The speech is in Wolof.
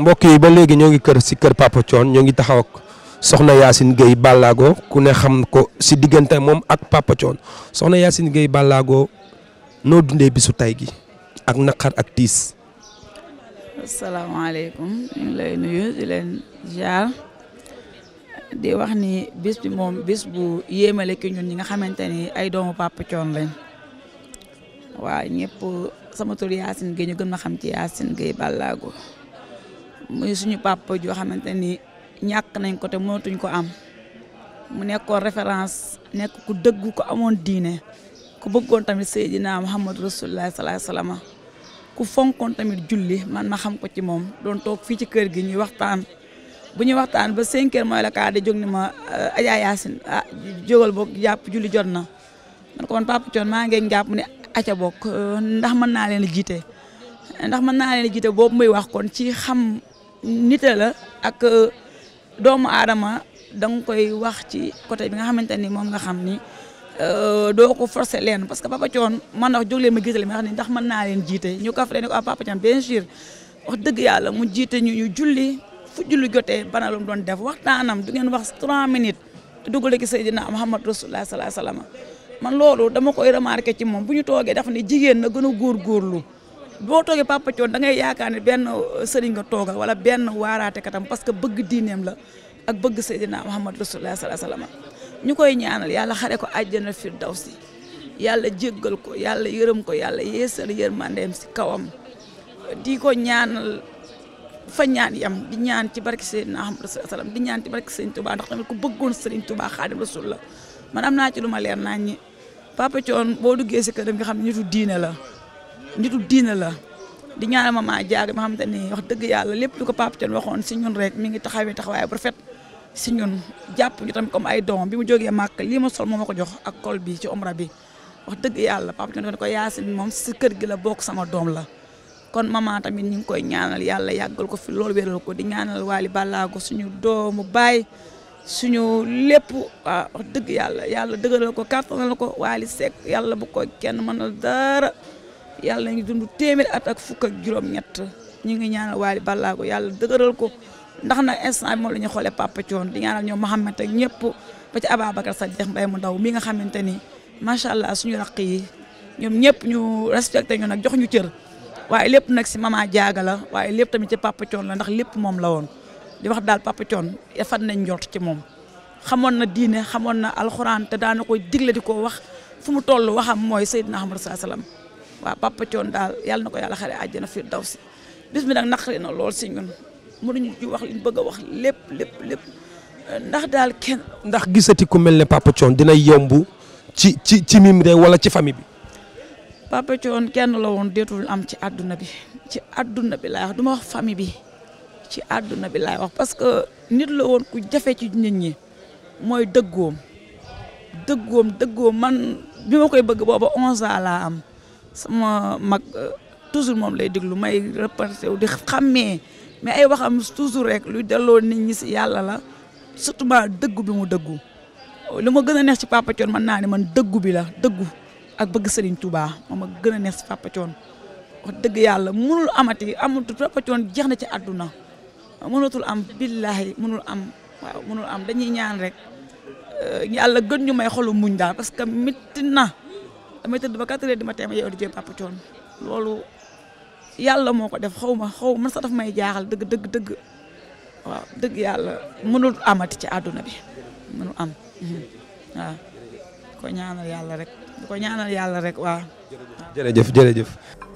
mbokk yi ba léegi ñoo ngi kër ci kër Papa Thione ñoo ngi taxaw ak soxna Yacine Gueye Ballago ku ne xam ko si diggante moom ak Papa Thione soxna Yacine Gueye ballaago noo dundee bisu tay gi ak naqar ak tiis. asalaamaaleykum ñu ngi lay nuyu di leen jaar di wax ni bis bi moom bis bu yéemale ki ñun ñi nga xamante ni ay doomu Papa Thione lañ. waaw ñëpp sama tur Yacine Gueye ñu gën ma xam ci Yacine Gueye Ballago muy suñu papa joo xamante ni ñàkk nañ ko te mënatuñ ko am mu nekkoon référence nekk ku dëgg ko amoon diine ku bëggoon tamit Seydina Muhammad Rasulullah sallallahu alayhi wasallam ku fonkoon tamit julli man ma xam ko ci moom doon toog fii ci kër gi ñuy waxtaan bu ñuy waxtaan ba 5 heures mooy la kaa di jog ni ma Adja Yacine ah jógal boog jàpp julli jot na man ko man papa Thione maa ngi jàpp ne aca bokk euh, ndax mën naa leen a jiite ndax mën naa leen a jiite boobu muy wax kon ci xam nite la ak euh, doomu aadama da nga koy wax ci côté bi nga xamante ni moom nga xam ni euh, doo ko forcer leen parce que papa coon man wax jóg leen ma gisal ma wax ni ndax mën naa leen jiite ñu kaf leen ne ko ah, papa Thiam bien wax dëgg yàlla mu jiite ñu ñu julli fu julli jotee bana lu doon def waxtaanam du ngeen wax 3 minutes te duggale ki Seydina Muhammad Rasulullah man loolu dama koy remarqué ci moom bu ñu toogee dafa ne jigéen na gën a góorlu boo toogee Papa Thione da ngay yaakaar ne benn euh, sëriñ nga toogal wala benn waaraate katam parce que bëgg diineem la ak bëgg Seydina Muhammad Rasulullah sallallahu alayhi wasallam ñu koy ñaanal yàlla xare ko àjjana firdawsi yàlla jéggal ko yàlla yërëm ko yàlla yeesal yërmandeem si kawam di ko ñaanal fa ñaan yam di ñaan ci barke Seydina Muhammad Rasulullah sallam di ñaan ci barke Sëriñ Tuubaa ndax tamit ku bëggoon Sëriñ Tuubaa Xaadim Rasul la man am naa ci lu ma leer naa ñi papa Thione boo duggee si këram nga xam ne nitu diine la nitu diina la di ñaanal mama jaaga ma xam te ni wax dëgg yàlla lépp lu ko papa Thione waxoon si ñun rek mu ngi taxawee taxawaay bu rafet si ñun jàpp ñu tamit comme ay doom bi mu jógee màkk lii ma sol moo ma ko jox ak col bi ci omra bi wax dëgg yàlla papa Thione ko yaasin moom si kër gi la bokk sama doom la kon maman tamit ñu ngi koy ñaanal yàlla yàggal ko fi loolu wéral ko di ñaanal Wally Ballago suñu doomu baay suñu lépp waaw dëgg yàlla yàlla dëgëral ko kàttanal ko waali Seck yàlla bu ko kenn mënal dara yàlla ngi dund téeméer at ak fukk ak juróom-ñett ñu ngi ñaanal Wally Ballago yàlla dëgëral ko ndax nag instant bi moom la ñuy xoolee Papa Thione di ñaanal ñoom Mouhamed ak ñëpp ba ci Ababacar Sadikh Mbaye mu ndaw mi nga xamante ni macha allah suñu raq yi ñoom ñëpp ñu respecté ñu nag jox ñu cër waaye lépp nag si mama jaaga la waaye lépp tamit ci Papa Thione la ndax lépp moom la woon. di wax daal Papa Thione fan nañ njort ci moom xamoon na diine xamoon na alxuraan te daana koy digle di ko wax fu mu toll waxam mooy Seydina Ahmad saa salaam waaw Papa Thione daal yàlla na ko yàlla xare àjjana fi daw si bis bi nag naqari na lool si ñun mënuñu ci wax liñ bëgg a wax lépp lépp ndax daal kenn. ndax gisati ku mel ne Papa Thione dina yomb ci ci ci mim wala ci famille bi. Papa Thione kenn la woon deetul am ci àdduna bi ci àdduna bi laa wax du ma wax famille bi. ci àdduna bi laay wax parce que nit la woon ku jafe ci nit ñi mooy dëggoom dëggoom dëggoom man bi ma koy bëgg booba onze laa am sama mag euh, toujours moom lay déglu may reporté wu di xàmmee mais ay waxam toujours rek luy delloo nit ñi si yàlla la surtout ma dëggu bi mu dëggu li ma gën a neex ci Papa Thione man naa ne man dëggu bi la dëggu ak bëgg Serigne tubaa moom ma gën a neex ci Papa Thione dëgg yàlla mënul amati amatu Papa Thione jeex na ci àdduna mënatul am billahi mënul am waaw mënul am dañuy ñaan rek euh, yàlla gën ñu may xolu muñ daal parce que métti na damay ba quatre heures du matin ma yeewu di jël papa coon loolu yàlla moo ko def xaw ma xaw ma sax daf may jaaxal dëgg dëgg waaw dëgg yàlla mënul amati ci àdduna bi mënul am mhm. waaw ko ñaanal yàlla rek ko ñaanal yàlla rek waaw jërëjëf